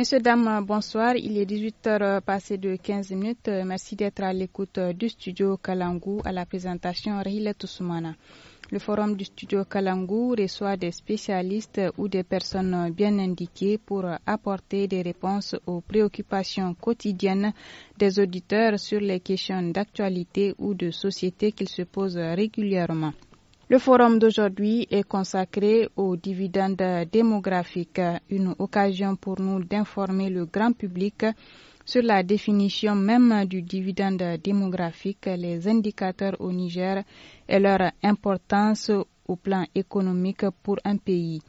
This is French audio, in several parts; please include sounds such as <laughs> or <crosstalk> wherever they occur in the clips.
Messieurs, dames, bonsoir. Il est 18 heures euh, passées de 15 minutes. Euh, merci d'être à l'écoute euh, du studio Kalangou à la présentation Rile Toussoumana. Le forum du studio Kalangou reçoit des spécialistes ou des personnes bien indiquées pour apporter des réponses aux préoccupations quotidiennes des auditeurs sur les questions d'actualité ou de société qu'ils se posent régulièrement. Le forum d'aujourd'hui est consacré aux dividendes démographiques, une occasion pour nous d'informer le grand public sur la définition même du dividende démographique, les indicateurs au Niger et leur importance au plan économique pour un pays.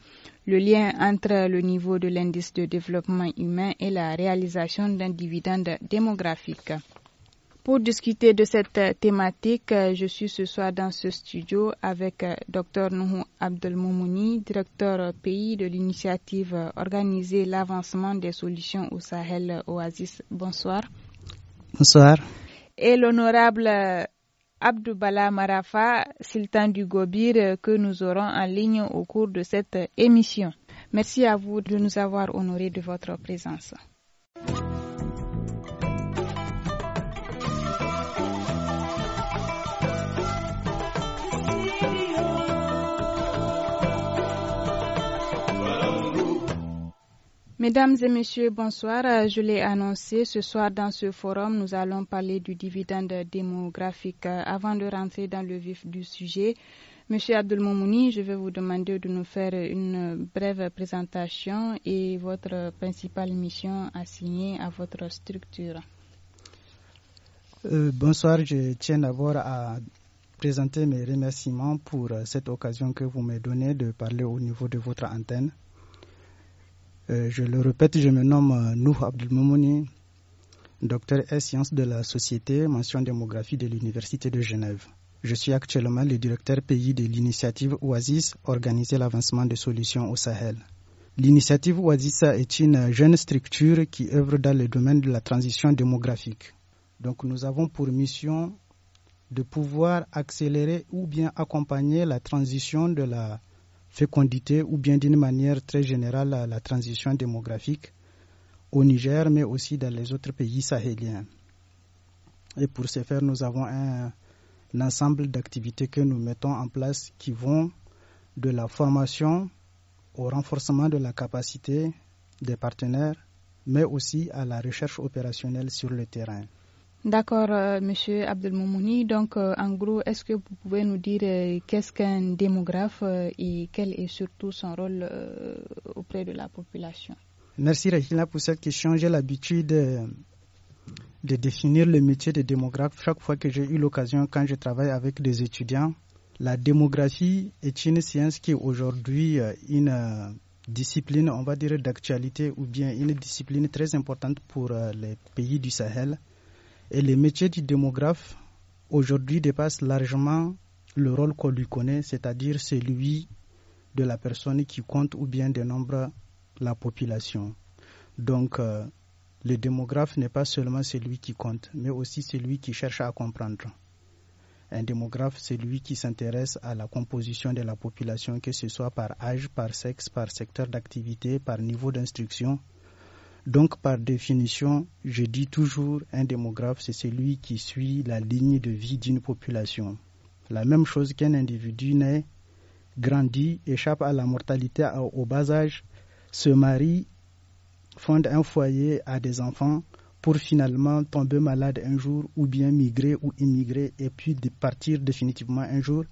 Le lien entre le niveau de l'indice de développement humain et la réalisation d'un dividende démographique. Pour discuter de cette euh, thématique, euh, je suis ce soir dans ce studio avec euh, Dr Nouhou Abdelmoumouni, directeur pays de l'initiative Organiser l'avancement des solutions au Sahel Oasis. Bonsoir. Bonsoir. Et l'honorable Abdoubala Marafa, sultan du Gobir, que nous aurons en ligne au cours de cette émission. Merci à vous de nous avoir honorés de votre présence. Mesdames et messieurs, bonsoir. Euh, je l'ai annoncé ce soir dans ce forum, nous allons parler du dividende démographique. Euh, avant de rentrer dans le vif du sujet, Monsieur Abdelmoumouni, je vais vous demander de nous faire une brève présentation et votre principale mission assignée à votre structure. Euh, bonsoir, je tiens d'abord à présenter mes remerciements pour cette occasion que vous me donnez de parler au niveau de votre antenne. Euh, je le répète, je me nomme euh, Nouh Abdelmoumouni, docteur et sciences de la société, mention démographie de l'Université de Genève. Je suis actuellement le directeur pays de l'initiative Oasis, organiser l'avancement des solutions au Sahel. L'initiative Oasis est une jeune structure qui œuvre dans le domaine de la transition démographique. Donc nous avons pour mission de pouvoir accélérer ou bien accompagner la transition de la fécondité ou bien d'une manière très générale à la transition démographique au Niger, mais aussi dans les autres pays sahéliens. Et pour ce faire, nous avons un, un ensemble d'activités que nous mettons en place qui vont de la formation au renforcement de la capacité des partenaires, mais aussi à la recherche opérationnelle sur le terrain. D'accord, M. Euh, monsieur Abdelmoumouni. Donc, euh, en gros, est-ce que vous pouvez nous dire euh, qu'est-ce qu'un démographe et quel est surtout son rôle auprès de la population Merci, Rachina, pour cette question. J'ai l'habitude de définir le métier de démographe chaque fois que j'ai eu l'occasion, quand je travaille avec des étudiants. La démographie est une science qui est aujourd'hui une discipline, on va dire, d'actualité ou bien une discipline très importante pour les pays du Sahel et le métier du démographe, aujourd'hui, dépasse largement le rôle qu'on lui connaît, c'est-à-dire celui de la personne qui compte ou bien dénombre la population. Donc, euh, le démographe n'est pas seulement celui qui compte, mais aussi celui qui cherche à comprendre. Un démographe, c'est lui qui s'intéresse à la composition de la population, que ce soit par âge, par sexe, par secteur d'activité, par niveau d'instruction, donc, par définition, je dis toujours, un démographe, c'est celui qui suit la ligne de vie d'une population. La même chose qu'un individu naît, grandit, échappe à la mortalité au bas âge, se marie, fonde un foyer, à des enfants, pour finalement tomber malade un jour, ou bien migrer ou immigrer, et puis partir définitivement un jour.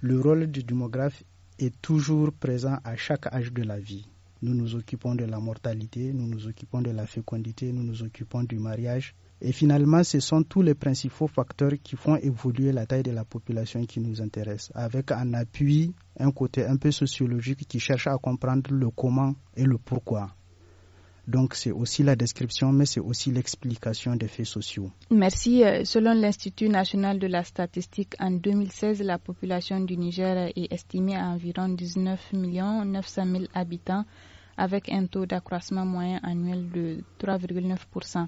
Le rôle du démographe est toujours présent à chaque âge de la vie. Nous nous occupons de la mortalité, nous nous occupons de la fécondité, nous nous occupons du mariage. Et finalement, ce sont tous les principaux facteurs qui font évoluer la taille de la population qui nous intéresse, avec un appui un côté un peu sociologique qui cherche à comprendre le comment et le pourquoi. Donc c'est aussi la description, mais c'est aussi l'explication des faits sociaux. Merci. Euh, selon l'Institut national de la statistique, en 2016, la population du Niger est estimée à environ 19 900 000 habitants, avec un taux d'accroissement moyen annuel de 3,9%.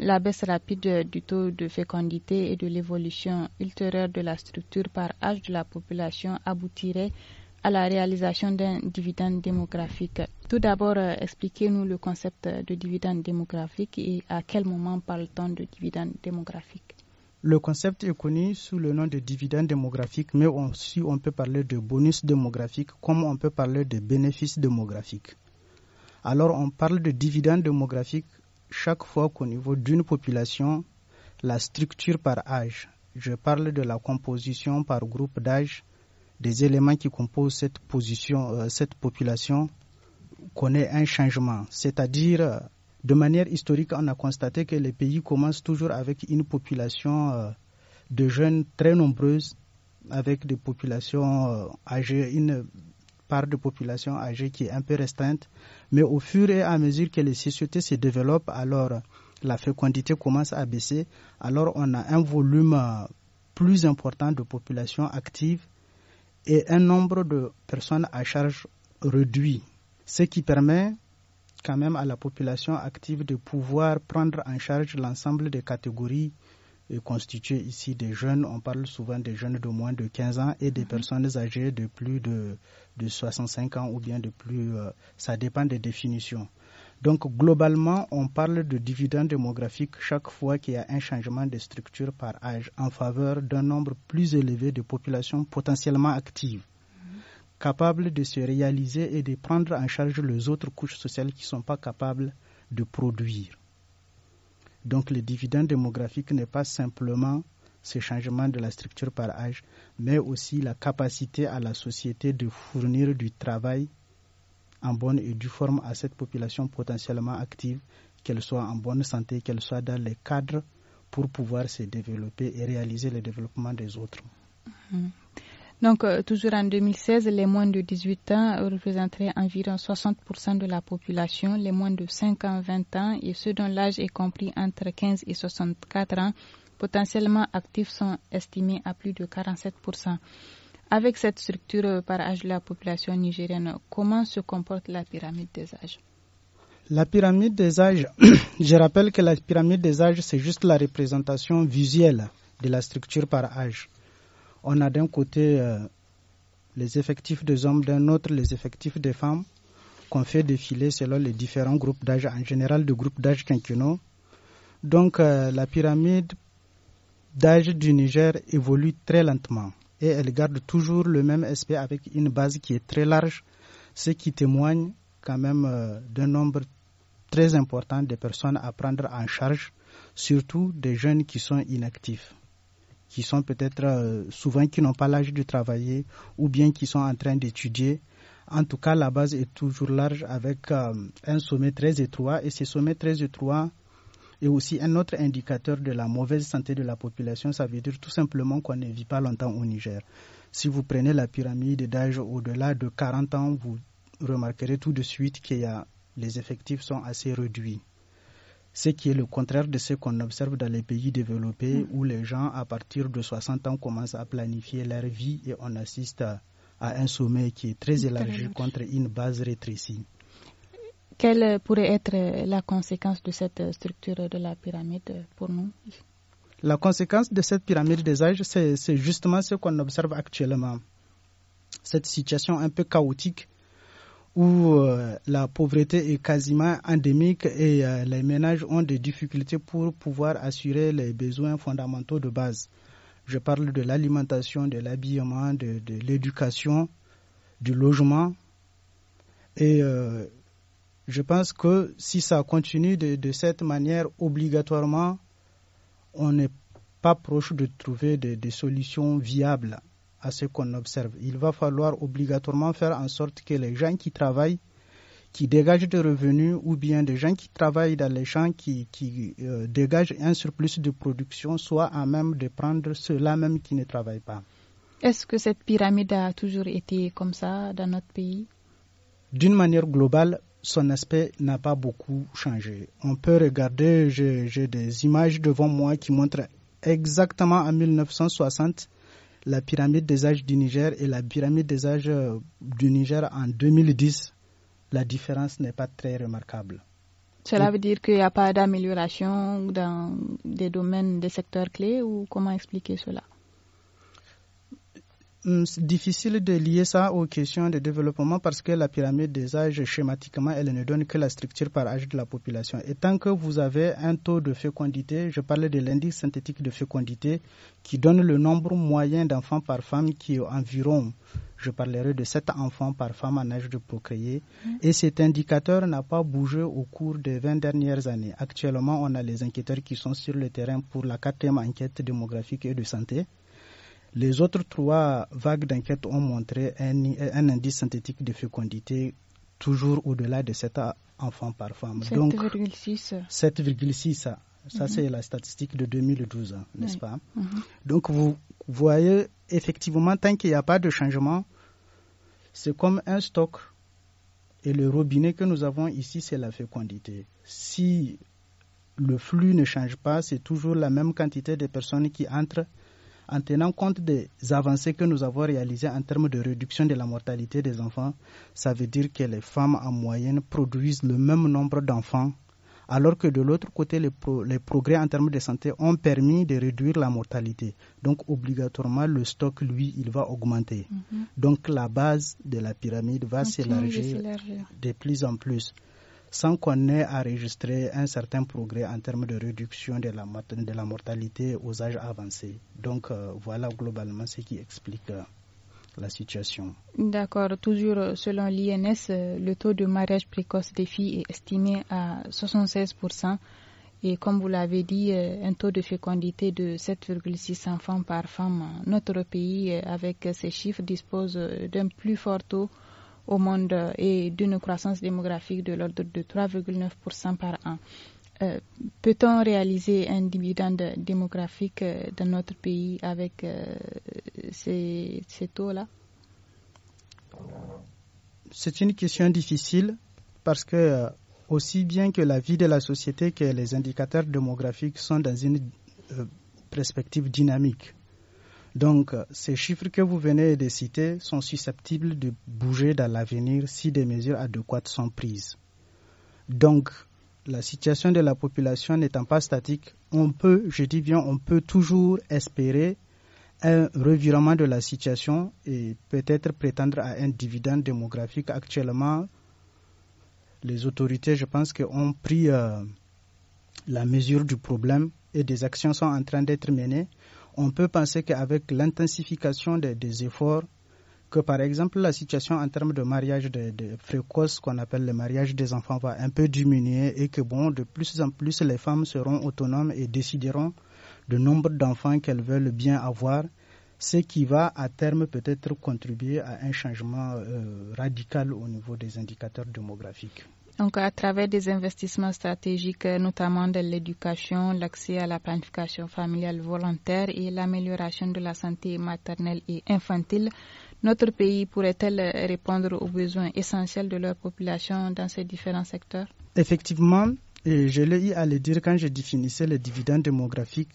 La baisse rapide du taux de fécondité et de l'évolution ultérieure de la structure par âge de la population aboutirait à la réalisation d'un dividende démographique. Tout d'abord, euh, expliquez-nous le concept de dividende démographique et à quel moment parle-t-on de dividende démographique le concept est connu sous le nom de dividende démographique, mais aussi on peut parler de bonus démographique comme on peut parler de bénéfice démographique. Alors on parle de dividendes démographique chaque fois qu'au niveau d'une population, la structure par âge, je parle de la composition par groupe d'âge, des éléments qui composent cette, position, euh, cette population connaît un changement. C'est-à-dire, de manière historique, on a constaté que les pays commencent toujours avec une population euh, de jeunes très nombreuses, avec des populations euh, âgées, une part de population âgée qui est un peu restreinte, mais au fur et à mesure que les sociétés se développent, alors la fécondité commence à baisser. Alors on a un volume euh, plus important de population active et un nombre de personnes à charge réduit, ce qui permet quand même à la population active de pouvoir prendre en charge l'ensemble des catégories constitué ici des jeunes. On parle souvent des jeunes de moins de 15 ans et des mhm. personnes âgées de plus de, de, 65 ans ou bien de plus. Euh, ça dépend des définitions. Donc globalement, on parle de dividendes démographique chaque fois qu'il y a un changement de structure par âge en faveur d'un nombre plus élevé de populations potentiellement actives, mhm. capables de se réaliser et de prendre en charge les autres couches sociales qui ne sont pas capables de produire. Donc le dividende démographique n'est pas simplement ce changement de la structure par âge, mais aussi la capacité à la société de fournir du travail en bonne et due forme à cette population potentiellement active, qu'elle soit en bonne santé, qu'elle soit dans les cadres pour pouvoir se développer et réaliser le développement des autres. Mhm. Donc, euh, toujours en 2016, les moins de 18 ans représenteraient environ 60% de la population, les moins de 5 ans, 20 ans et ceux dont l'âge est compris entre 15 et 64 ans potentiellement actifs sont estimés à plus de 47%. Avec cette structure euh, par âge de la population nigérienne, comment se comporte la pyramide des âges la pyramide des âges, <coughs> je rappelle que la pyramide des âges, c'est juste la représentation visuelle de la structure par âge on a d'un côté euh, les effectifs des hommes, d'un autre les effectifs des femmes, qu'on fait défiler selon les différents groupes d'âge, en général de groupes d'âge quinquennaux. Donc euh, la pyramide d'âge du Niger évolue très lentement et elle garde toujours le même aspect avec une base qui est très large, ce qui témoigne quand même euh, d'un nombre très important de personnes à prendre en charge, surtout des jeunes qui sont inactifs qui sont peut-être euh, souvent qui n'ont pas l'âge de travailler ou bien qui sont en train d'étudier. En tout cas, la base est toujours large avec euh, un sommet très étroit et ce sommet très étroit est aussi un autre indicateur de la mauvaise santé de la population. Ça veut dire tout simplement qu'on ne vit pas longtemps au Niger. Si vous prenez la pyramide d'âge au-delà de 40 ans, vous remarquerez tout de suite que les effectifs sont assez réduits ce qui est le contraire de ce qu'on observe dans les pays développés mm. où les gens, à partir de 60 ans, commencent à planifier leur vie et on assiste à, un sommet qui est très élargi contre une base rétrécie. Quelle pourrait être la conséquence de cette structure de la pyramide pour nous La conséquence de cette pyramide des âges, c'est justement ce qu'on observe actuellement. Cette situation un peu chaotique où euh, la pauvreté est quasiment endémique et euh, les ménages ont des difficultés pour pouvoir assurer les besoins fondamentaux de base. Je parle de l'alimentation, de l'habillement, de, l'éducation, du logement. Et euh, je pense que si ça continue de, cette manière, obligatoirement, on n'est pas proche de trouver des, des solutions viables à ce qu'on observe. Il va falloir obligatoirement faire en sorte que les gens qui travaillent, qui dégagent des revenus, ou bien des gens qui travaillent dans les champs, qui, qui euh, dégagent un surplus de production, soient à même de prendre ceux-là même qui ne travaillent pas. Est-ce que cette pyramide a toujours été comme ça dans notre pays D'une manière globale, son aspect n'a pas beaucoup changé. On peut regarder, j'ai des images devant moi qui montrent exactement en 1960 la pyramide des âges du Niger et la pyramide des âges euh, du Niger en 2010, la différence n'est pas très remarquable. Cela veut dire qu'il n'y a pas d'amélioration dans des domaines, des secteurs clés ou comment expliquer cela Hmm, c'est difficile de lier ça aux questions de développement parce que la pyramide des âges, schématiquement, elle ne donne que la structure par âge de la population. Et tant que vous avez un taux de fécondité, je parlais de l'indice synthétique de fécondité, qui donne le nombre moyen d'enfants par femme qui est environ, je parlerai de 7 enfants par femme en âge de procréer. Hmm. Et cet indicateur n'a pas bougé au cours des 20 dernières années. Actuellement, on a les enquêteurs qui sont sur le terrain pour la quatrième enquête démographique et de santé. Les autres trois vagues d'enquête ont montré un, indice synthétique de fécondité toujours au-delà de 7 enfants par femme. 7,6. 7,6, ça, mhm. c'est la statistique de 2012, hein, n'est-ce pas mhm. Donc, vous voyez, effectivement, tant qu'il n'y a pas de changement, c'est comme un stock. Et le robinet que nous avons ici, c'est la fécondité. Si le flux ne change pas, c'est toujours la même quantité de personnes qui entrent en tenant compte des avancées que nous avons réalisées en termes de réduction de la mortalité des enfants, ça veut dire que les femmes en moyenne produisent le même nombre d'enfants, alors que de l'autre côté, les, progrès en termes de santé ont permis de réduire la mortalité. Donc obligatoirement, le stock, lui, il va augmenter. Mhm. Donc la base de la pyramide va s'élargir de plus en plus sans qu'on ait à enregistrer un certain progrès en termes de réduction de la, mortalité aux âges avancés. Donc euh, voilà globalement ce qui explique euh, la situation. D'accord. Toujours euh, selon l'INS, le taux de mariage précoce des filles est estimé à 76%. Et comme vous l'avez dit, un taux de fécondité de 7,6 enfants par femme. Notre pays, avec ces chiffres, dispose d'un plus fort taux au monde et d'une croissance démographique de l'ordre de 3,9% par an. Euh, peut-on réaliser un dividende démographique euh, dans notre pays avec euh, ces, taux-là C'est une question difficile parce que aussi bien que la vie de la société que les indicateurs démographiques sont dans une perspective dynamique. Donc, ces chiffres que vous venez de citer sont susceptibles de bouger dans l'avenir si des mesures adéquates sont prises. Donc, la situation de la population n'étant pas statique, on peut, je dis bien, on peut toujours espérer un revirement de la situation et peut-être prétendre à un dividende démographique. Actuellement, les autorités, je pense, ont pris euh, la mesure du problème et des actions sont en train d'être menées on peut penser qu'avec l'intensification des, efforts, que par exemple la situation en termes de mariage de, de précoce, qu'on appelle le mariage des enfants, va un peu diminuer et que bon, de plus en plus les femmes seront autonomes et décideront du nombre d'enfants qu'elles veulent bien avoir, ce qui va à terme peut-être contribuer à un changement euh, radical au niveau des indicateurs démographiques. Donc, à travers des investissements stratégiques, euh, notamment de l'éducation, l'accès à la planification familiale volontaire et l'amélioration de la santé maternelle et infantile, notre pays pourrait-elle euh, répondre aux besoins essentiels de leur population dans ces différents secteurs Effectivement, je l'ai eu à le dire quand je définissais les dividendes démographiques.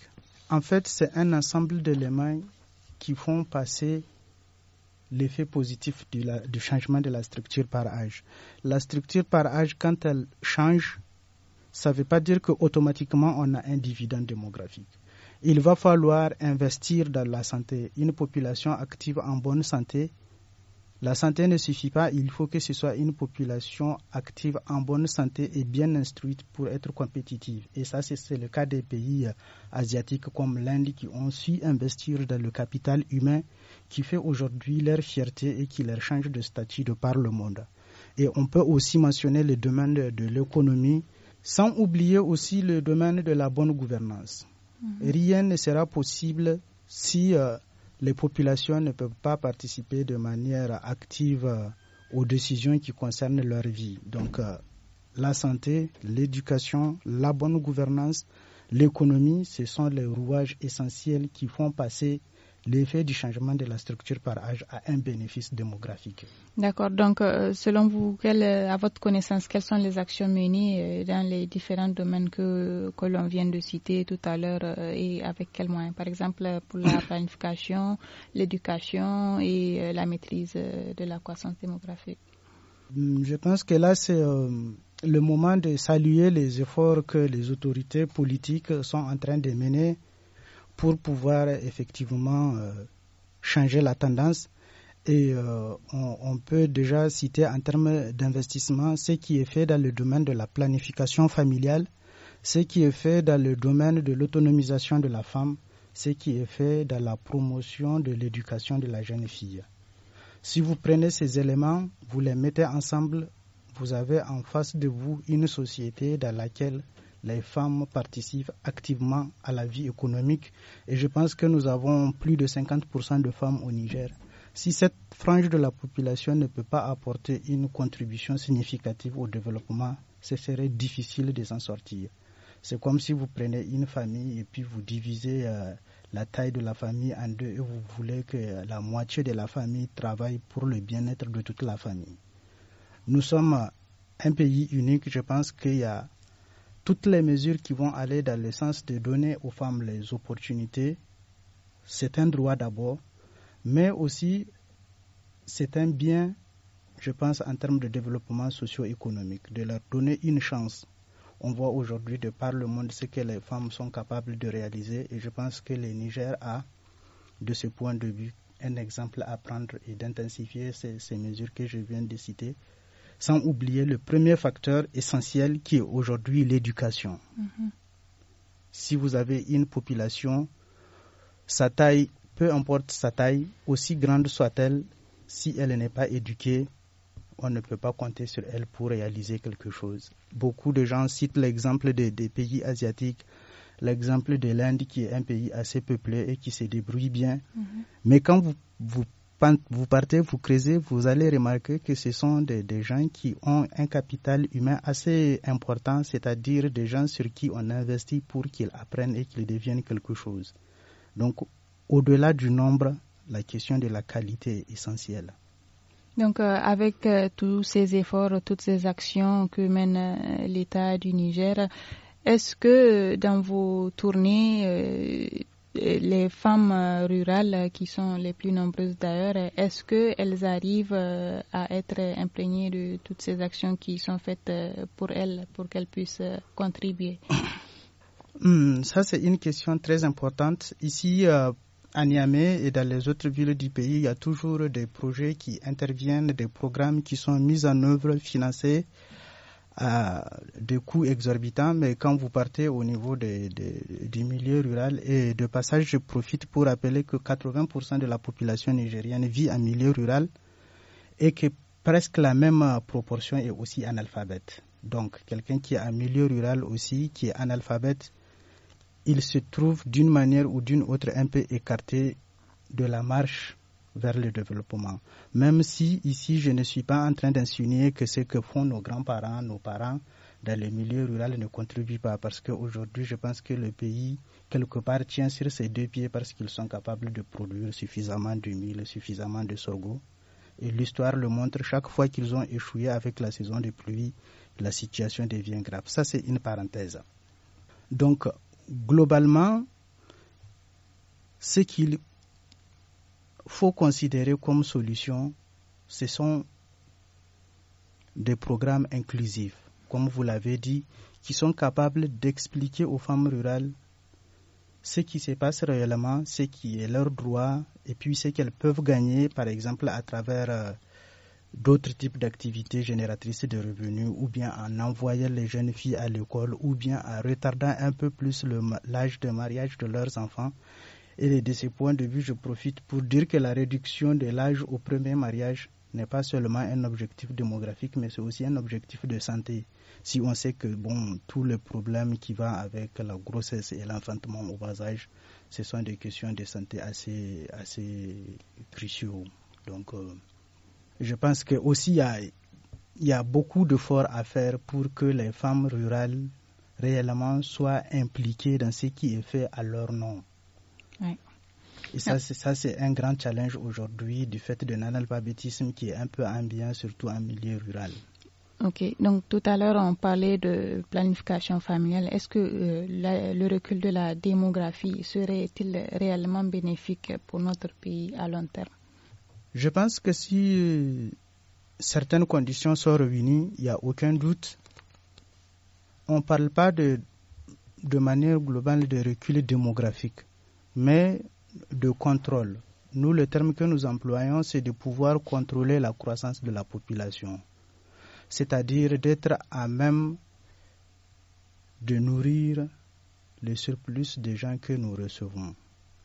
En fait, c'est un ensemble d'éléments qui font passer l'effet positif du, changement de la structure par âge. La structure par âge, quand elle change, ça ne veut pas dire qu'automatiquement on a un dividende démographique. Il va falloir investir dans la santé. Une population active en bonne santé, la santé ne suffit pas, il faut que ce soit une population active, en bonne santé et bien instruite pour être compétitive. Et ça, c'est le cas des pays euh, asiatiques comme l'Inde qui ont su investir dans le capital humain qui fait aujourd'hui leur fierté et qui leur change de statut de par le monde. Et on peut aussi mentionner le domaine de l'économie, sans oublier aussi le domaine de la bonne gouvernance. Mhm. Rien ne sera possible si euh, les populations ne peuvent pas participer de manière active euh, aux décisions qui concernent leur vie. Donc euh, la santé, l'éducation, la bonne gouvernance, l'économie, ce sont les rouages essentiels qui font passer l'effet du changement de la structure par âge a un bénéfice démographique. D'accord. Donc, euh, selon vous, à votre connaissance, quelles sont les actions menées euh, dans les différents domaines que, que l'on vient de citer tout à l'heure euh, et avec quels moyens Par exemple, pour la <coughs> planification, l'éducation et la maîtrise de la croissance démographique. Hmm, je pense que là, c'est le moment de saluer les efforts que les autorités politiques sont en train de mener pour pouvoir effectivement euh, changer la tendance. Et euh, on, peut déjà citer en termes d'investissement ce qui est fait dans le domaine de la planification familiale, ce qui est fait dans le domaine de l'autonomisation de la femme, ce qui est fait dans la promotion de l'éducation de la jeune fille. Si vous prenez ces éléments, vous les mettez ensemble, vous avez en face de vous une société dans laquelle les femmes participent activement à la vie économique et je pense que nous avons plus de 50% de femmes au Niger. Si cette frange de la population ne peut pas apporter une contribution significative au développement, ce serait difficile de s'en sortir. C'est comme si vous prenez une famille et puis vous divisez euh, la taille de la famille en deux et vous voulez que la moitié de la famille travaille pour le bien-être de toute la famille. Nous sommes un pays unique, je pense qu'il y a toutes les mesures qui vont aller dans le sens de donner aux femmes les opportunités, c'est un droit d'abord, mais aussi c'est un bien, je pense, en termes de développement socio-économique, de leur donner une chance. On voit aujourd'hui de par le monde ce que les femmes sont capables de réaliser et je pense que le Niger a, de ce point de vue, un exemple à prendre et d'intensifier ces, ces mesures que je viens de citer sans oublier le premier facteur essentiel qui est aujourd'hui l'éducation. Mm-hmm. Si vous avez une population, sa taille, peu importe sa taille, aussi grande soit-elle, si elle n'est pas éduquée, on ne peut pas compter sur elle pour réaliser quelque chose. Beaucoup de gens citent l'exemple des, pays asiatiques, l'exemple de l'Inde qui est un pays assez peuplé et qui se débrouille bien. Mm-hmm. Mais quand vous, vous quand vous partez, vous creusez, vous allez remarquer que ce sont des, gens qui ont un capital humain assez important, c'est-à-dire des gens sur qui on investit pour qu'ils apprennent et qu'ils deviennent quelque chose. Donc, au-delà du nombre, la question de la qualité est essentielle. Donc, euh, avec euh, tous ces efforts, toutes ces actions que mène euh, l'État du Niger, est-ce que dans vos tournées, les femmes euh, rurales qui sont les plus nombreuses d'ailleurs, est-ce qu'elles arrivent euh, à être imprégnées de toutes ces actions qui sont faites euh, pour elles, pour qu'elles puissent contribuer hmm, Ça, c'est une question très importante. Ici, à Niamey et dans les autres villes du pays, il y a toujours des projets qui interviennent, des programmes qui sont mis en œuvre, financés à des coûts exorbitants, mais quand vous partez au niveau des, du milieu rural et de passage, je profite pour rappeler que 80% de la population nigérienne vit en milieu rural et que presque la même proportion est aussi analphabète. Donc quelqu'un qui est en milieu rural aussi, qui est analphabète, il se trouve d'une manière ou d'une autre un peu écarté de la marche vers le développement. Même si ici, je ne suis pas en train d'insinuer que ce que font nos grands-parents, nos parents dans le milieu rural ne contribuent pas parce qu'aujourd'hui, je pense que le pays, quelque part, tient sur ses deux pieds parce qu'ils sont capables de produire suffisamment de suffisamment de sogo Et l'histoire le montre, chaque fois qu'ils ont échoué avec la saison de pluie, la situation devient grave. Ça, c'est une parenthèse. Donc, globalement, ce qu'il faut considérer comme solution, ce sont des programmes inclusifs, comme vous l'avez dit, qui sont capables d'expliquer aux femmes rurales ce qui se passe réellement, ce qui est leur droit, et puis ce qu'elles peuvent gagner, par exemple, à travers euh, d'autres types d'activités génératrices de revenus, ou bien en envoyant les jeunes filles à l'école, ou bien en retardant un peu plus l'âge de mariage de leurs enfants. Et de ce point de vue, je profite pour dire que la réduction de l'âge au premier mariage n'est pas seulement un objectif démographique, mais c'est aussi un objectif de santé. Si on sait que bon, tout le problème qui vont avec la grossesse et l'enfantement au bas âge, ce sont des questions de santé assez, assez cruciaux. Donc, euh, je pense que aussi il y a, beaucoup y a beaucoup d'efforts à faire pour que les femmes rurales réellement soient impliquées dans ce qui est fait à leur nom. Et ça, c'est ça, c'est un grand challenge aujourd'hui du fait de l'analphabétisme qui est un peu ambiant, surtout en milieu rural. Ok, donc tout à l'heure on parlait de planification familiale. Est-ce que euh, le recul de la démographie serait-il réellement bénéfique pour notre pays à long terme Je pense que si euh, certaines conditions sont réunies, il n'y a aucun doute. On ne parle pas de, de manière globale de recul démographique mais de contrôle. Nous, le terme que nous employons, c'est de pouvoir contrôler la croissance de la population, c'est-à-dire d'être à même de nourrir le surplus des gens que nous recevons.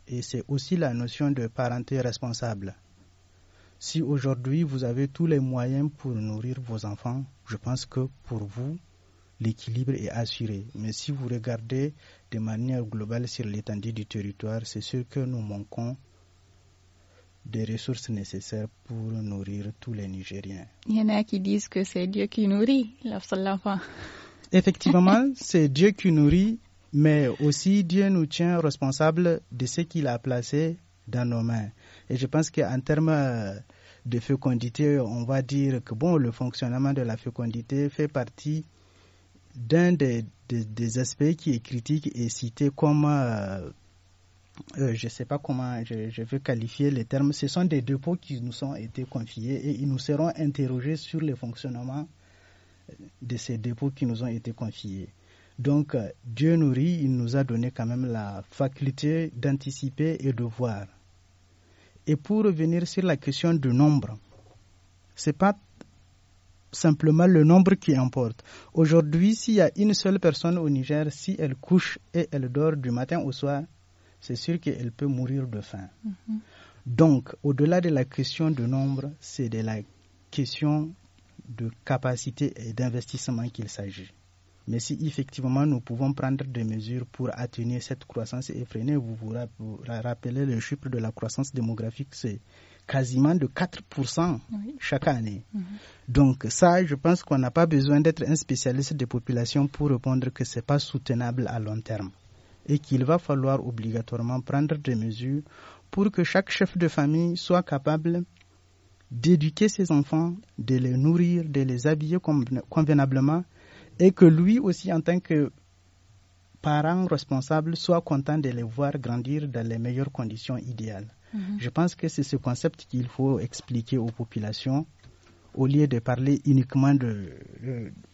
Et c'est aussi la notion de parenté responsable. Si aujourd'hui vous avez tous les moyens pour nourrir vos enfants, je pense que pour vous, l'équilibre est assuré. Mais si vous regardez de manière globale sur l'étendue du territoire, c'est sûr que nous manquons des ressources nécessaires pour nourrir tous les Nigériens. Il y en a qui disent que c'est Dieu qui nourrit l'enfant. Effectivement, <laughs> c'est Dieu qui nourrit, mais aussi Dieu nous tient responsables de ce qu'il a placé dans nos mains. Et je pense qu'en termes euh, de fécondité, on va dire que bon, le fonctionnement de la fécondité fait partie d'un des, aspects qui est critique et cité comme, euh, euh, je ne sais pas comment je, veux qualifier les termes, ce sont des dépôts qui nous ont été confiés et ils nous seront interrogés sur le fonctionnement de ces dépôts qui nous ont été confiés. Donc euh, Dieu nourrit, il nous a donné quand même la faculté d'anticiper et de voir. Et pour revenir sur la question du nombre, c'est pas simplement le nombre qui importe. Aujourd'hui, s'il y a une seule personne au Niger, si elle couche et elle dort du matin au soir, c'est sûr qu'elle peut mourir de faim. Mhm. Donc, au-delà de la question de nombre, c'est de la question de capacité et d'investissement qu'il s'agit. Mais si effectivement nous pouvons prendre des mesures pour atténuer cette croissance effrénée, vous vous rappelez le chiffre de la croissance démographique, c'est quasiment de 4% chaque année. Mhm. Donc ça, je pense qu'on n'a pas besoin d'être un spécialiste des populations pour répondre que ce n'est pas soutenable à long terme et qu'il va falloir obligatoirement prendre des mesures pour que chaque chef de famille soit capable d'éduquer ses enfants, de les nourrir, de les habiller convenablement, et que lui aussi, en tant que parents responsables soient contents de les voir grandir dans les meilleures conditions idéales. Mhm. Je pense que c'est ce concept qu'il faut expliquer aux populations au lieu de parler uniquement de,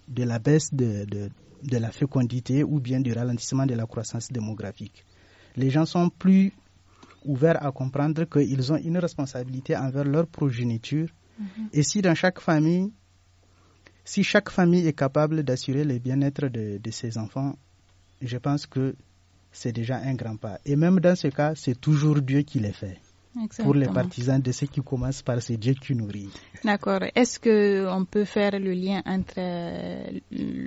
de, la baisse de, de, la fécondité ou bien du ralentissement de la croissance démographique. Les gens sont plus ouverts à comprendre qu'ils ont une responsabilité envers leur progéniture. Mhm. Et si dans chaque famille, si chaque famille est capable d'assurer le bien-être de ses enfants, je pense que c'est déjà un grand pas. Et même dans ce cas, c'est toujours Dieu qui les fait. Pour les partisans de ceux qui commencent par ces Dieu qui nourrit. D'accord. Est-ce qu'on peut faire le lien entre euh,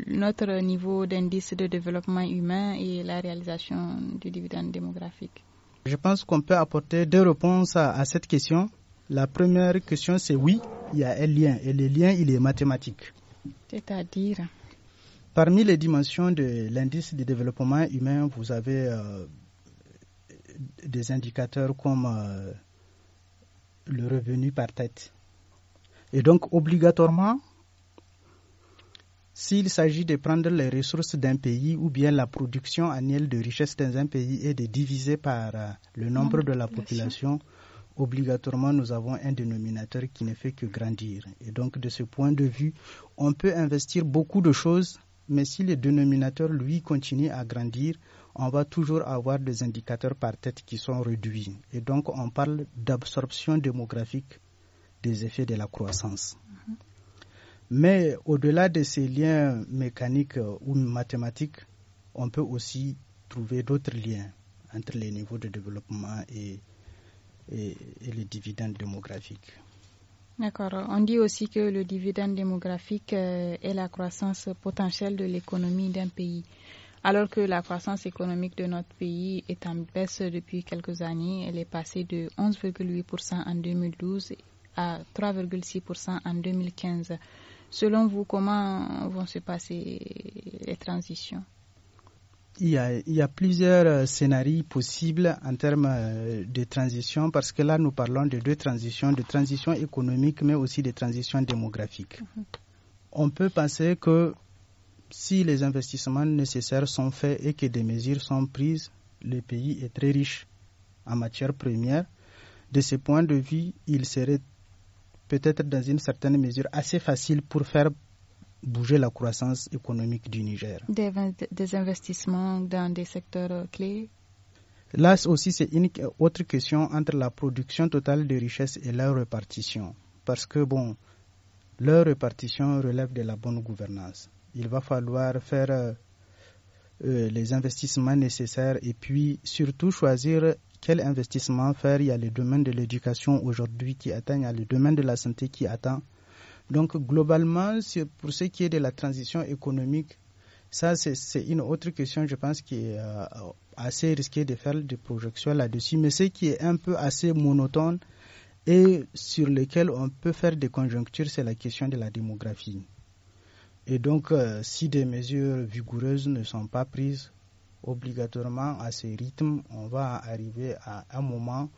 notre niveau d'indice de développement humain et la réalisation du dividende démographique Je pense qu'on peut apporter deux réponses à, à cette question. La première question, c'est oui, il y a un lien. Et le lien, il est mathématique. C'est-à-dire Parmi les dimensions de l'indice de développement humain, vous avez euh, des indicateurs comme euh, le revenu par tête. Et donc, obligatoirement, s'il s'agit de prendre les ressources d'un pays ou bien la production annuelle de richesse dans un pays et de diviser par euh, le nombre de la population, obligatoirement nous avons un dénominateur qui ne fait que grandir. Et donc de ce point de vue, on peut investir beaucoup de choses mais si le dénominateur, lui, continue à grandir, on va toujours avoir des indicateurs par tête qui sont réduits. Et donc, on parle d'absorption démographique des effets de la croissance. Mm-hmm. Mais au-delà de ces liens mécaniques ou mathématiques, on peut aussi trouver d'autres liens entre les niveaux de développement et les dividendes démographiques. D'accord. On dit aussi que le dividende démographique euh, est la croissance potentielle de l'économie d'un pays. Alors que la croissance économique de notre pays est en baisse depuis quelques années, elle est passée de 11,8% en 2012 à 3,6% en 2015. Selon vous, comment vont se passer les transitions il y, a, plusieurs euh, scénarios possibles en termes euh, de transition, parce que là, nous parlons de deux transitions, de transition économique, mais aussi de transition démographique. Mm-hmm. On peut penser que si les investissements nécessaires sont faits et que des mesures sont prises, le pays est très riche en matière première. De ce point de vue, il serait peut-être dans une certaine mesure assez facile pour faire bouger la croissance économique du Niger. Des, investissements dans des secteurs euh, clés Là aussi, c'est une autre question entre la production totale de richesses et leur répartition. Parce que, bon, leur répartition relève de la bonne gouvernance. Il va falloir faire euh, euh, les investissements nécessaires et puis surtout choisir quel investissement faire. Il y a le domaine de l'éducation aujourd'hui qui atteint, il y a le domaine de la santé qui atteint. Donc globalement, pour ce qui est de la transition économique, ça c'est une autre question, je pense, qui est euh, assez risquée de faire des projections là-dessus, mais ce qui est un peu assez monotone et sur lequel on peut faire des conjonctures, c'est la question de la démographie. Et donc, euh, si des mesures vigoureuses ne sont pas prises, obligatoirement à ce rythme, on va arriver à un moment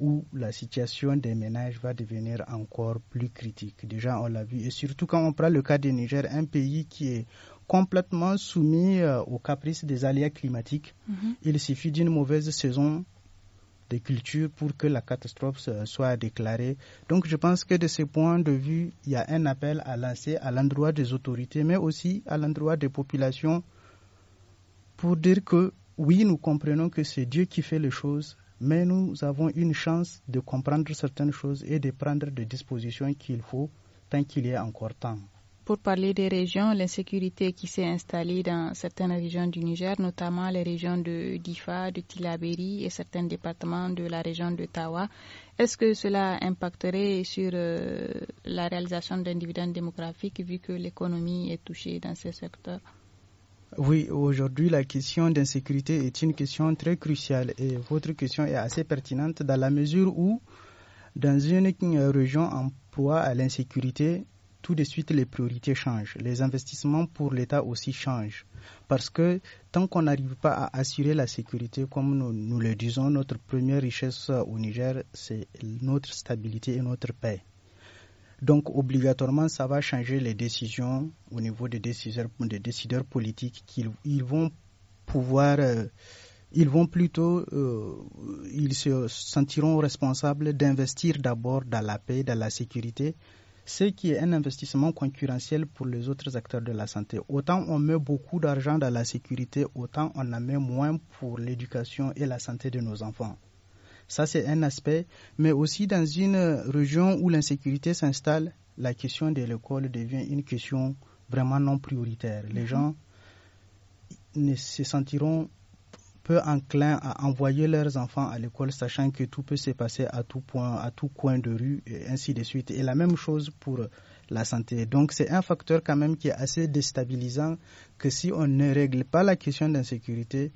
où la situation des ménages va devenir encore plus critique. Déjà, on l'a vu. Et surtout quand on prend le cas du Niger, un pays qui est complètement soumis euh, aux caprices des aléas climatiques. Mhm. Il suffit d'une mauvaise saison des cultures pour que la catastrophe euh, soit déclarée. Donc je pense que de ce point de vue, il y a un appel à lancer à l'endroit des autorités, mais aussi à l'endroit des populations pour dire que oui, nous comprenons que c'est Dieu qui fait les choses, mais nous avons une chance de comprendre certaines choses et de prendre des dispositions qu'il faut tant qu'il y a encore temps. Pour parler des régions, l'insécurité qui s'est installée dans certaines régions du Niger, notamment les régions de Difa, de Tilaberi et certains départements de la région de Tawa, est-ce que cela impacterait sur euh, la réalisation d'un dividende démographique vu que l'économie est touchée dans ces secteurs oui, aujourd'hui, la question d'insécurité est une question très cruciale et votre question est assez pertinente dans la mesure où, dans une région en proie à l'insécurité, tout de suite les priorités changent. Les investissements pour l'État aussi changent. Parce que tant qu'on n'arrive pas à assurer la sécurité, comme nous le disons, notre première richesse au Niger, c'est notre stabilité et notre paix. Donc obligatoirement, ça va changer les décisions au niveau des décideurs, politiques qu'ils ils vont pouvoir, euh, ils vont plutôt, euh, ils se sentiront responsables d'investir d'abord dans la paix, dans la sécurité, ce qui est un investissement concurrentiel pour les autres acteurs de la santé. Autant on met beaucoup d'argent dans la sécurité, autant on en met moins pour l'éducation et la santé de nos enfants. Ça, c'est un aspect. Mais aussi, dans une région où l'insécurité s'installe, la question de l'école devient une question vraiment non prioritaire. Les mhm. gens ne se sentiront peu enclins à envoyer leurs enfants à l'école, sachant que tout peut se passer à tout point, à tout coin de rue, et ainsi de suite. Et la même chose pour la santé. Donc c'est un facteur quand même qui est assez déstabilisant que si on ne règle pas la question d'insécurité,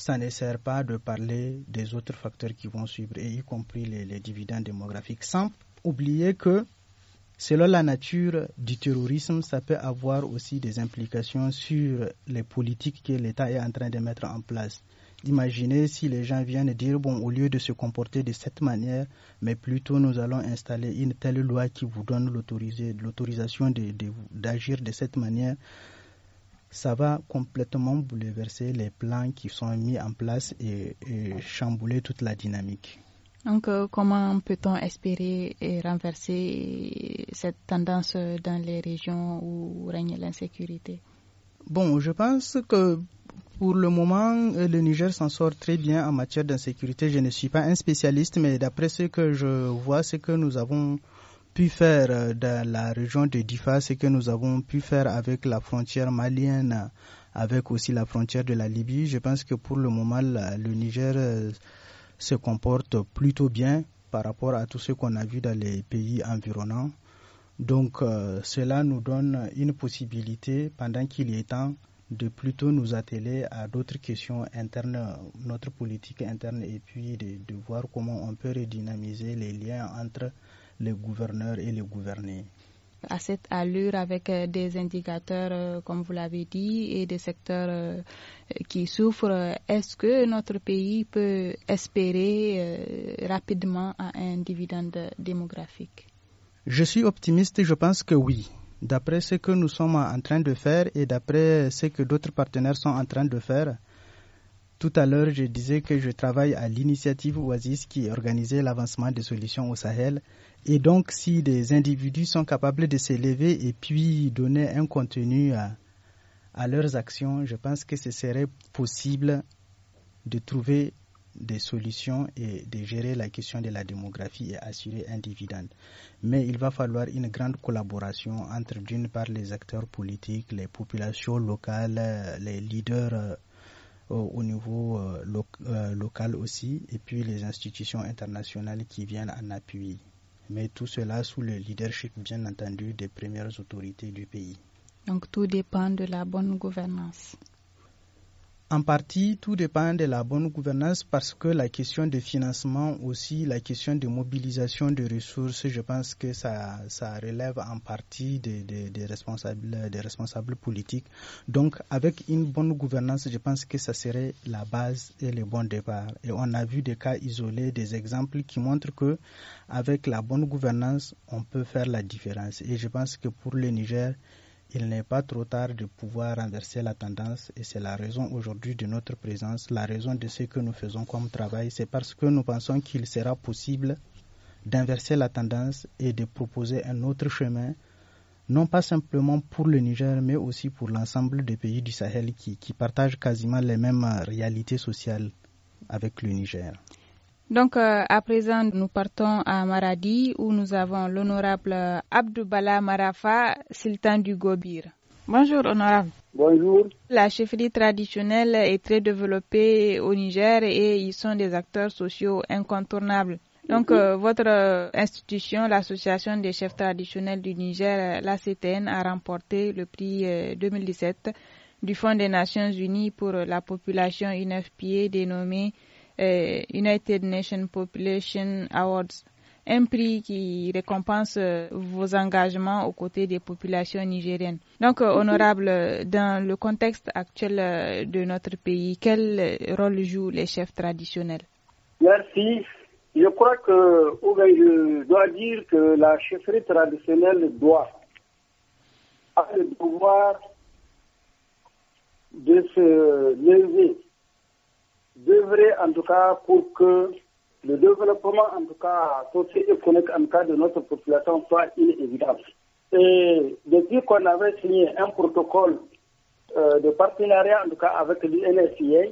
ça ne sert pas de parler des autres facteurs qui vont suivre, et y compris les, dividendes démographiques, sans oublier que selon la nature du terrorisme, ça peut avoir aussi des implications sur les politiques que l'État est en train de mettre en place. Imaginez si les gens viennent dire, bon, au lieu de se comporter de cette manière, mais plutôt nous allons installer une telle loi qui vous donne l'autorisation d'agir de, de cette manière ça va complètement bouleverser les plans qui sont mis en place et, chambouler toute la dynamique. Donc, euh, comment peut-on espérer et renverser cette tendance dans les régions où règne l'insécurité Bon, je pense que pour le moment, euh, le Niger s'en sort très bien en matière d'insécurité. Je ne suis pas un spécialiste, mais d'après ce que je vois, c'est que nous avons pu faire euh, dans la région de Difa, ce que nous avons pu faire avec la frontière malienne, avec aussi la frontière de la Libye, je pense que pour le moment, le Niger euh, se comporte plutôt bien par rapport à tout ce qu'on a vu dans les pays environnants. Donc euh, cela nous donne une possibilité, pendant qu'il est temps, de plutôt nous atteler à d'autres questions internes, notre politique interne, et puis de voir comment on peut redynamiser les liens entre les gouverneurs et les gouvernés. À cette allure, avec euh, des indicateurs, euh, comme vous l'avez dit, et des secteurs euh, qui souffrent, est-ce que notre pays peut espérer rapidement un dividende démographique Je suis optimiste et je pense que oui d'après ce que nous sommes en train de faire et d'après ce que d'autres partenaires sont en train de faire. Tout à l'heure, je disais que je travaille à l'initiative Oasis qui organisait l'avancement des solutions au Sahel et donc, si des individus sont capables de s'élever et puis donner un contenu à, leurs actions, je pense que ce serait possible de trouver des solutions et de gérer la question de la démographie et assurer un dividende. Mais il va falloir une grande collaboration entre d'une part les acteurs politiques, les populations locales, euh, les leaders euh, au niveau euh, local aussi, et puis les institutions internationales qui viennent en appui mais tout cela sous le leadership, bien entendu, des premières autorités du pays. Donc tout dépend de la bonne gouvernance. En partie, tout dépend de la bonne gouvernance parce que la question de financement aussi, la question de mobilisation de ressources, je pense que ça, ça relève en partie des, des, responsables, des responsables politiques. Donc, avec une bonne gouvernance, je pense que ça serait la base et le bon départ. Et on a vu des cas isolés, des exemples qui montrent que avec la bonne gouvernance, on peut faire la différence. Et je pense que pour le Niger, il n'est pas trop tard de pouvoir renverser la tendance et c'est la raison aujourd'hui de notre présence, la raison de ce que nous faisons comme travail, c'est parce que nous pensons qu'il sera possible d'inverser la tendance et de proposer un autre chemin, non pas simplement pour le Niger, mais aussi pour l'ensemble des pays du Sahel qui, qui partagent quasiment les mêmes réalités sociales avec le Niger. Donc, euh, à présent, nous partons à Maradi où nous avons l'honorable Abdoubala Marafa, sultan du Gobir. Bonjour, honorable. Bonjour. La chefferie traditionnelle est très développée au Niger et ils sont des acteurs sociaux incontournables. Donc, mhm. euh, votre euh, institution, l'Association des chefs traditionnels du Niger, l'ACTN, a remporté le prix 2017 du Fonds des Nations Unies pour la population, (UNFPA) pieds dénommée United Nations Population Awards, un prix qui récompense euh, vos engagements aux côtés des populations nigériennes. Donc, euh, mhm. honorable, dans le contexte actuel euh, de notre pays, quel rôle jouent les chefs traditionnels Merci. Je crois que, je dois dire que la chefferie traditionnelle doit, avoir le pouvoir de se lever devrait en tout cas pour que le développement en tout cas socio-économique en tout cas de notre population soit inévitable. Et depuis qu'on avait signé un protocole euh, de partenariat en tout cas avec l'UNFIA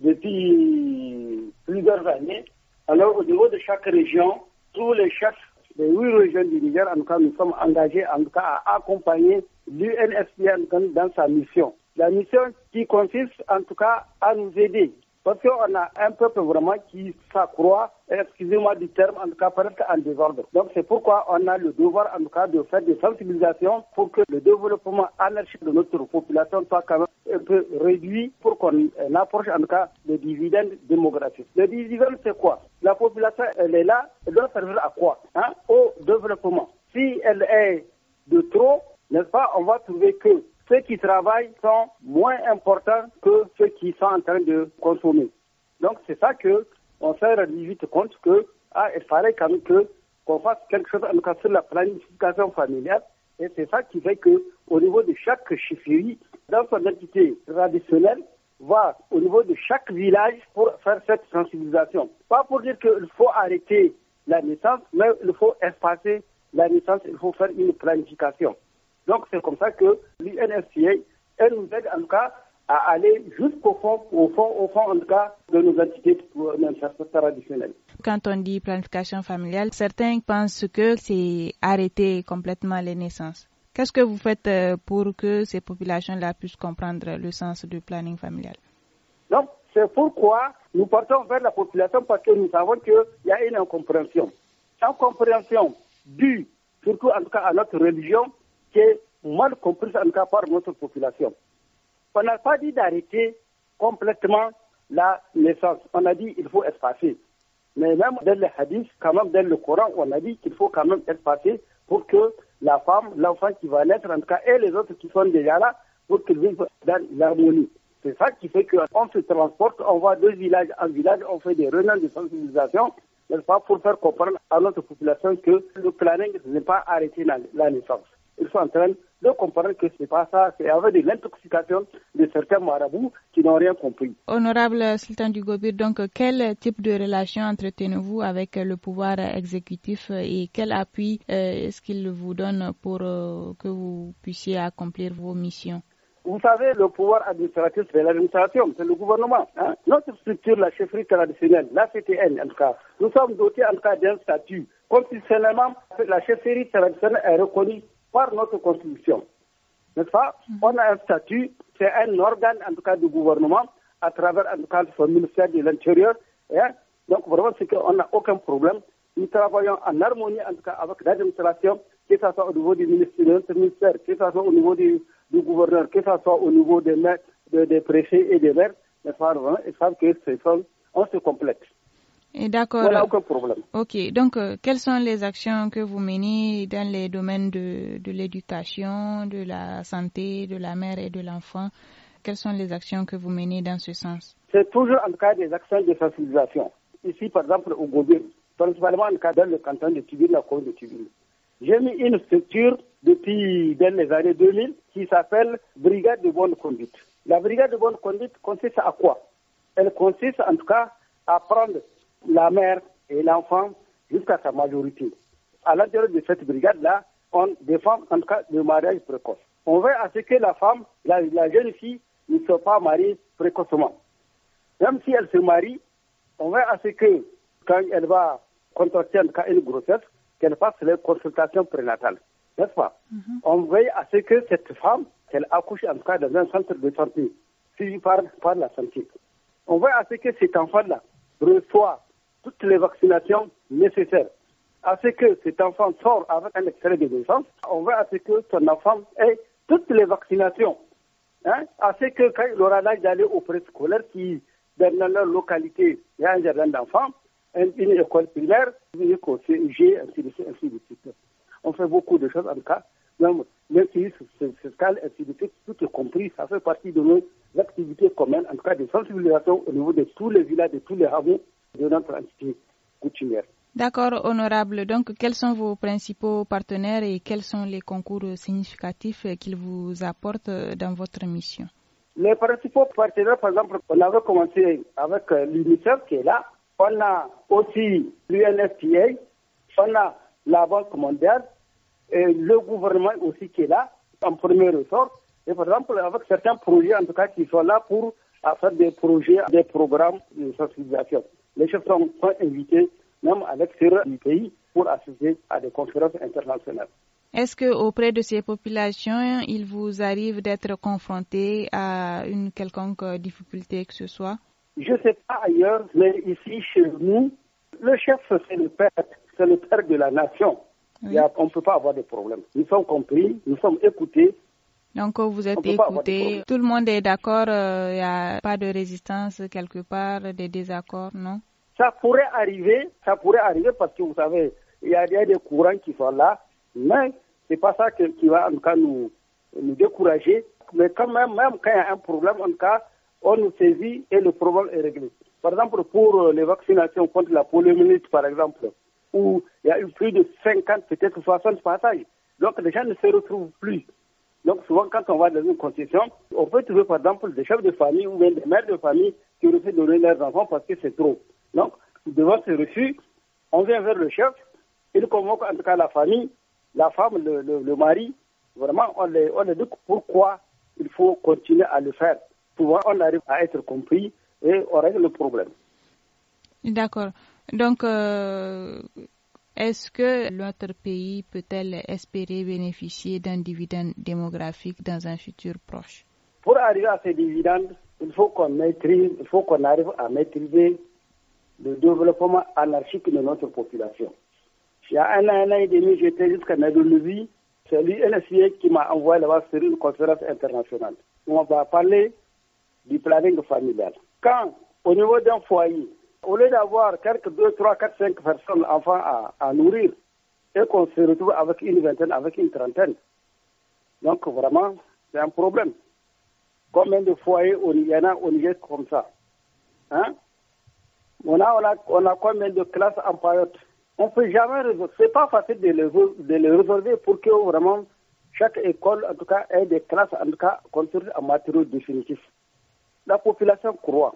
depuis plusieurs années, alors au niveau de chaque région, tous les chefs des huit régions du Niger, en tout cas, nous sommes engagés en tout cas à accompagner l'UNFPA dans sa mission. La mission qui consiste en tout cas à nous aider parce qu'on a un peuple vraiment qui s'accroît, excusez-moi du terme, en tout cas presque en désordre. Donc c'est pourquoi on a le devoir en tout cas de faire des sensibilisations pour que le développement anarchique de notre population soit quand même un peu réduit pour qu'on approche en tout cas le dividende démographique. Le dividende c'est quoi La population elle est là, elle doit servir à quoi hein Au développement. Si elle est de trop, n'est-ce pas, on va trouver que ceux qui travaillent sont moins importants que ceux qui sont en train de consommer. Donc c'est ça que on s'est rendu vite compte que ah, il fallait quand même que qu'on fasse quelque chose en cas sur la planification familiale. Et c'est ça qui fait qu'au au niveau de chaque chefferie, dans son entité traditionnelle, va au niveau de chaque village pour faire cette sensibilisation. Pas pour dire qu'il faut arrêter la naissance, mais il faut espacer la naissance, il faut faire une planification. Donc c'est comme ça que l'UNFCA, elle nous aide en tout cas à aller jusqu'au fond, au fond, au fond en tout cas de nos entités traditionnelles. Quand on dit planification familiale, certains pensent que c'est arrêter complètement les naissances. Qu'est-ce que vous faites euh, pour que ces populations-là puissent comprendre le sens du planning familial Donc, c'est pourquoi nous partons vers la population parce que nous savons qu'il y a une incompréhension. Incompréhension due surtout en tout cas à notre religion, qui est mal comprise en tout cas par notre population. On n'a pas dit d'arrêter complètement la naissance. On a dit qu'il faut espacer. Mais même dans le hadith, quand même dans le Coran, on a dit qu'il faut quand même espacer pour que la femme, l'enfant qui va naître, en tout cas, et les autres qui sont déjà là, pour qu'ils vivent dans l'harmonie. C'est ça qui fait qu'on se transporte, on va de village en village, on fait des renards de sensibilisation, mais pas, pour faire comprendre à notre population que le planning n'est pas arrêté la naissance ils sont en train de comprendre que ce n'est pas ça, c'est avec de l'intoxication de certains marabouts qui n'ont rien compris. Honorable Sultan du Dugobir, donc quel type de relation entretenez-vous avec le pouvoir exécutif et quel appui euh, est-ce qu'il vous donne pour euh, que vous puissiez accomplir vos missions vous savez, le pouvoir administratif, c'est l'administration, c'est le gouvernement. Hein. Notre structure, la chefferie traditionnelle, la CTN en tout cas, nous sommes dotés en tout cas d'un statut. seulement la chefferie traditionnelle est reconnue par notre constitution. N'est-ce pas mhm. On a un statut, c'est un organe en tout cas du gouvernement, à travers en tout cas le ministère de l'Intérieur. Hein. Donc vraiment, c'est qu'on n'a aucun problème. Nous travaillons en harmonie en tout cas avec l'administration, que ce soit au niveau du ministère, que ce soit au niveau du, gouverneur, que ce soit au niveau des, maires, des préfets et des maires. Mais pas, ils savent que ce sont, on se complexe. D'accord. Voilà, aucun problème. Ok, donc euh, quelles sont les actions que vous menez dans les domaines de, de l'éducation, de la santé, de la mère et de l'enfant Quelles sont les actions que vous menez dans ce sens C'est toujours en cas des actions de sensibilisation. Ici, par exemple, au Gobi, principalement en cas dans le canton de Tibir, la commune de Tibir. J'ai mis une structure depuis les années 2000 qui s'appelle Brigade de bonne conduite. La Brigade de bonne conduite consiste à quoi Elle consiste en tout cas à prendre la mère et l'enfant jusqu'à sa majorité. À l'intérieur de cette brigade-là, on défend en tout cas le mariage précoce. On veut à ce que la femme, la, jeune fille, ne soit pas mariée précocement. Même si elle se marie, on veut à ce que quand elle va contracter en tout cas une grossesse, qu'elle fasse les consultations prénatales. N'est-ce pas mhm. On veut à ce que cette femme, qu'elle accouche en tout cas dans un centre de santé, suivi par, la santé. On veut à ce que cet enfant-là reçoit toutes les vaccinations nécessaires. À ce que cet enfant sort avec un extrait de naissance, on veut à ce que son enfant ait toutes les vaccinations. Hein? ce que quand il aura l'âge d'aller au préscolaire, qui, dans leur localité, il y a un jardin d'enfants, une école primaire, une école CUG, ainsi de suite, On fait beaucoup de choses en tout cas. Même c'est fiscal, ainsi de suite, tout est compris, ça fait partie de nos activités communes, en tout cas de sensibilisation au niveau de tous les villages, de tous les hameaux, de notre entité coutumière. D'accord, honorable. Donc, quels sont vos principaux partenaires et quels sont les concours significatifs qu'ils vous apportent dans votre mission Les principaux partenaires, par exemple, on avait commencé avec euh, l'UNICEF qui est là. On a aussi l'UNFPA, on a la Banque mondiale, et le gouvernement aussi qui est là, en premier ressort. Et par exemple, avec certains projets, en tout cas, qui sont là pour faire des projets, des programmes de sensibilisation. Les chefs sont, sont invités, même à l'extérieur du pays, pour assister à des conférences internationales. Est-ce que auprès de ces populations, il vous arrive d'être confronté à une quelconque difficulté que ce soit Je ne sais pas ailleurs, mais ici chez nous, le chef c'est le père, c'est le père de la nation. on ne peut pas avoir de problème. Nous sommes compris, nous sommes écoutés, donc vous êtes écouté, tout le monde est d'accord, il euh, n'y a pas de résistance quelque part, des désaccords, non Ça pourrait arriver, ça pourrait arriver parce que vous savez, il y, a des courants qui sont là, mais ce n'est pas ça qui va en cas nous, décourager. Mais quand même, même quand il y a un problème, en cas, on nous saisit et le problème est réglé. Par exemple, pour euh, les vaccinations contre la poliomyélite, par exemple, où il y a eu plus de 50, peut-être 60 passages. Donc les gens ne se retrouvent plus. Donc souvent, quand on va dans une concession, on peut trouver par exemple des chefs de famille ou même des mères de famille qui refusent de donner leurs enfants parce que c'est trop. Donc, devant ce refus, on vient vers le chef, il convoque en tout cas la famille, la femme, le, mari. Vraiment, on les, on dit pourquoi il faut continuer à le faire. Souvent, on arrive à être compris et on règle le problème. D'accord. Donc, euh, est-ce que notre pays peut-elle espérer bénéficier d'un dividende démographique dans un futur proche Pour arriver à ces dividendes, il faut qu'on maîtrise, il faut qu'on arrive à maîtriser le développement anarchique de notre population. Il y a un an, et demi, j'étais jusqu'à C'est lui, e qui m'a envoyé là-bas sur une conférence internationale. On va parler du planning familial. Quand, au niveau d'un foyer, au lieu d'avoir quelques 2, 3, 4, 5 personnes, enfants à, nourrir, et qu'on se retrouve avec une vingtaine, avec une trentaine. Donc vraiment, c'est un problème. Combien de foyers on, il y en a au Niger comme ça hein? on, a, on, a, combien de classes en période? On ne peut jamais résoudre. Ce n'est pas facile de les, résoudre pour que vraiment chaque école, en tout cas, ait des classes, en tout cas, construites en matériaux définitifs. La population croît.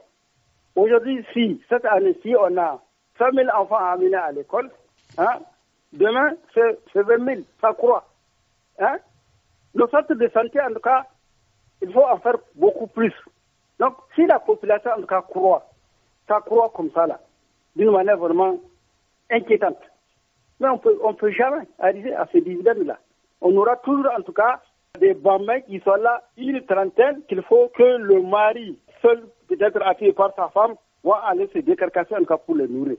Aujourd'hui, si, cette année-ci, on a 100 000 enfants à amener à l'école, hein, demain, c'est 20 000, ça croît. Hein. Le centre de santé, en tout cas, il faut en faire beaucoup plus. Donc, si la population, en tout cas, croît, ça croît comme ça, là, d'une manière vraiment inquiétante. Mais on peut, ne peut jamais arriver à ce dividende-là. On aura toujours, en tout cas, des bambins qui sont là, une trentaine, qu'il faut que le mari peut-être attiré par sa femme va aller se décarcasser en cas pour le nourrir.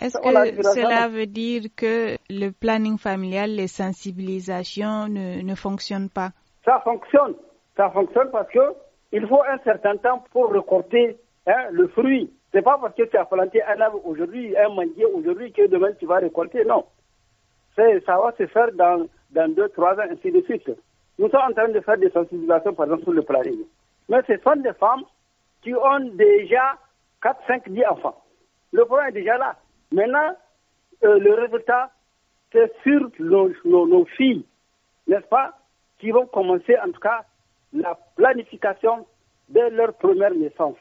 Est-ce que cela veut dire que le planning familial, les sensibilisations ne, ne fonctionnent pas Ça fonctionne. Ça fonctionne parce que il faut un certain temps pour récolter hein, le fruit. C'est pas parce que tu as planté un arbre aujourd'hui, un manguier aujourd'hui que demain tu vas récolter. Non. Ça va se faire dans, dans deux, trois ans, ainsi de suite. Nous sommes en train de faire des sensibilisations, par exemple, sur le planning. Mais ce sont des femmes qui ont déjà 4, 5, 10 enfants. Le problème est déjà là. Maintenant, euh, le résultat, c'est sur nos, filles, n'est-ce pas, qui vont commencer en tout cas la planification de leur première naissance.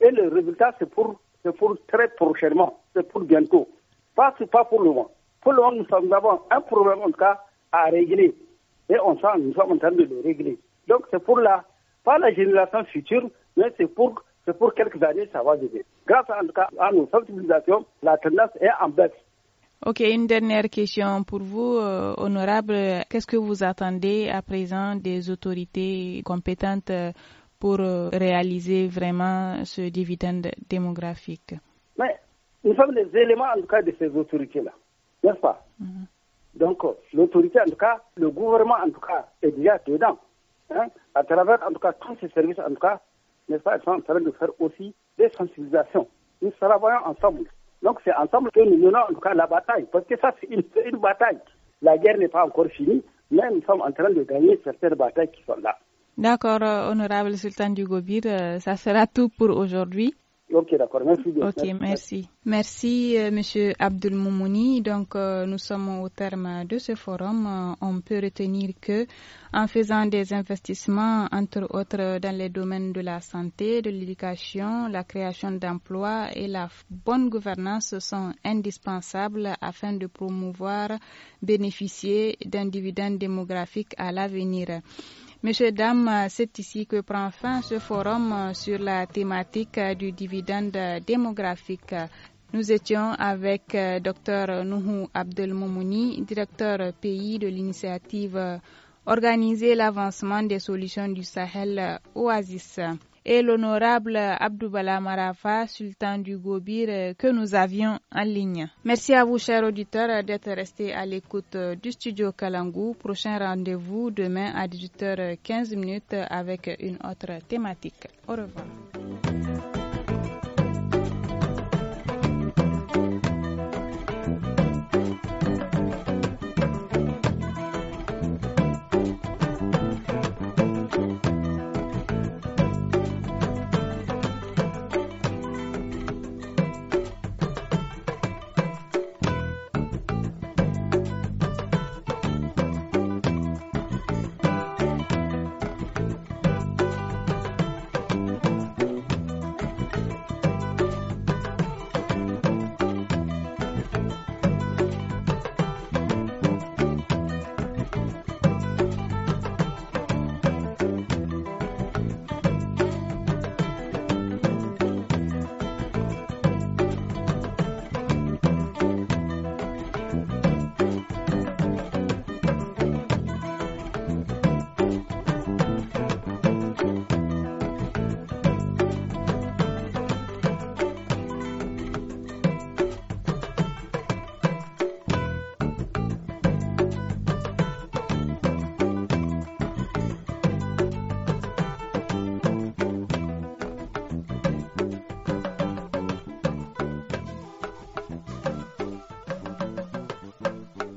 Et le résultat, c'est pour, très prochainement, c'est pour bientôt. Pas, pas pour le moment. Pour le moment, nous, avons un problème en tout cas à régler. Et on sent, nous sommes en train de le régler. Donc c'est pour la, pas la génération future, mais c'est pour c'est pour quelques années, ça va durer. Grâce à, nos sensibilisations, la tendance est en baisse. Ok, une dernière question pour vous, euh, honorable. Qu'est-ce que vous attendez à présent des autorités compétentes euh, pour euh, réaliser vraiment ce dividende démographique Mais nous sommes les éléments, en tout cas, de ces autorités-là, n'est-ce pas mhm. Donc, l'autorité, en tout cas, le gouvernement, en tout cas, est déjà dedans, hein, à travers, en tout cas, tous ces services, en tout cas, mais ce sont en train de faire aussi des sensibilisations. Nous travaillons ensemble. Donc c'est ensemble que nous menons en tout cas la bataille, parce que ça c'est une, bataille. La guerre n'est pas encore finie, mais nous sommes en train de gagner certaines batailles qui sont là. D'accord, euh, honorable Sultan Dugobir, euh, ça sera tout pour aujourd'hui. Ok, d'accord. Merci Ok, merci. Merci, euh, Monsieur Abdul Donc, euh, nous sommes au terme de ce forum. Euh, on peut retenir que, en faisant des investissements, entre autres dans les domaines de la santé, de l'éducation, la création d'emplois et la bonne gouvernance sont indispensables afin de promouvoir, bénéficier d'un dividende démographique à l'avenir. Messieurs, dames, euh, c'est ici que prend fin ce forum euh, sur la thématique euh, du dividende démographique. Nous étions avec Dr Nuhu Abdelmoumouni, directeur pays de l'initiative Organiser l'avancement des solutions du Sahel Oasis et l'honorable Abdoubala Marafa, sultan du Gobir, euh, que nous avions en ligne. Merci à vous, chers auditeurs, d'être restés à l'écoute euh, du studio Kalangou. Prochain rendez-vous demain à 18h15 avec une autre thématique. Au revoir.